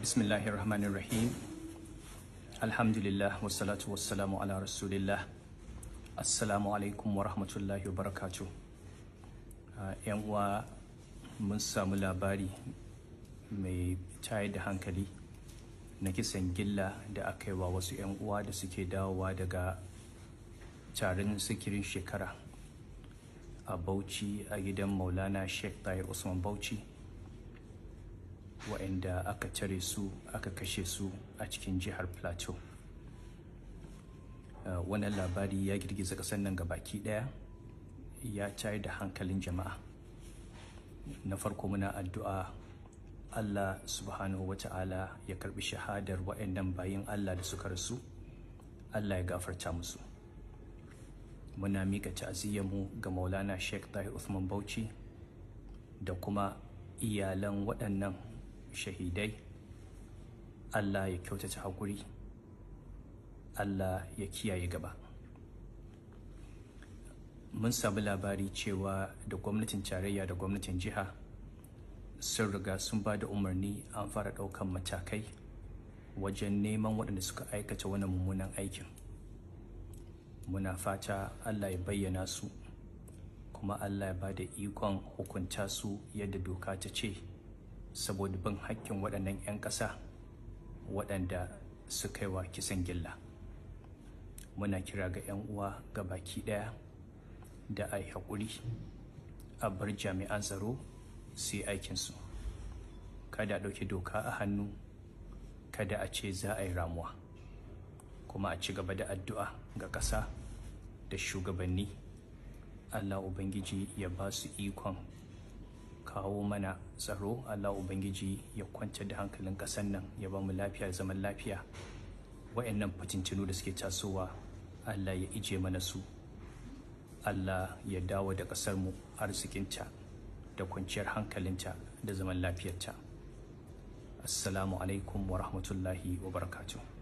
Bismillahi rahmanir rahim alhamdulillah wassalatu wassalamu ala rasulillah assalamu alaikum wa rahmatullahi wa barakatuh ah, yan uwa mun samu labari mai tayar da hankali na kisan gilla da aka yi wa wasu 'yan uwa da suke dawowa daga tarin sikirin shekara a bauchi a gidan maulana sheikh tahir usman bauchi waɗanda aka cire su aka kashe su a cikin jihar plateau uh, wannan labari ya girgiza ƙasar nan gabaki ɗaya ya tayi da hankalin jama'a na farko muna addu'a allah subhanahu wa ta'ala ya karbi shahadar waɗannan bayin allah da suka rasu allah ya gafarta musu muna mika ta'aziyyarmu ga maulana sheikh tahir uthman bauchi da kuma iyalan waɗannan shahidai Allah ya kyautata haƙuri Allah ya kiyaye gaba mun samu labari cewa da gwamnatin tarayya da gwamnatin jiha sun riga sun ba da umarni an fara ɗaukan matakai wajen neman waɗanda suka aikata wani mummunan aikin muna fata allah ya bayyana su kuma allah ya ba da ikon hukunta su yadda doka ta ce saboda bin hakkin waɗannan 'yan ƙasa waɗanda suka yi wa kisan gilla muna kira ga 'yan uwa ga baki ɗaya da a haƙuri a bar jami'an tsaro su yi aikinsu kada a ɗauki doka a hannu kada a ce za a yi ramuwa kuma a ci gaba da addu'a ga ƙasa da shugabanni allah ubangiji ya ba su ikon kawo mana tsaro Allah Ubangiji ya kwantar da hankalin ƙasar nan ya ba mu lafiya zaman lafiya wa'annan fitintinu da suke tasowa Allah ya ije mana su Allah ya dawo da ƙasar mu arzikinta da kwanciyar hankalinta da zaman lafiyarta assalamu alaikum wa rahmatullahi wa barakatuh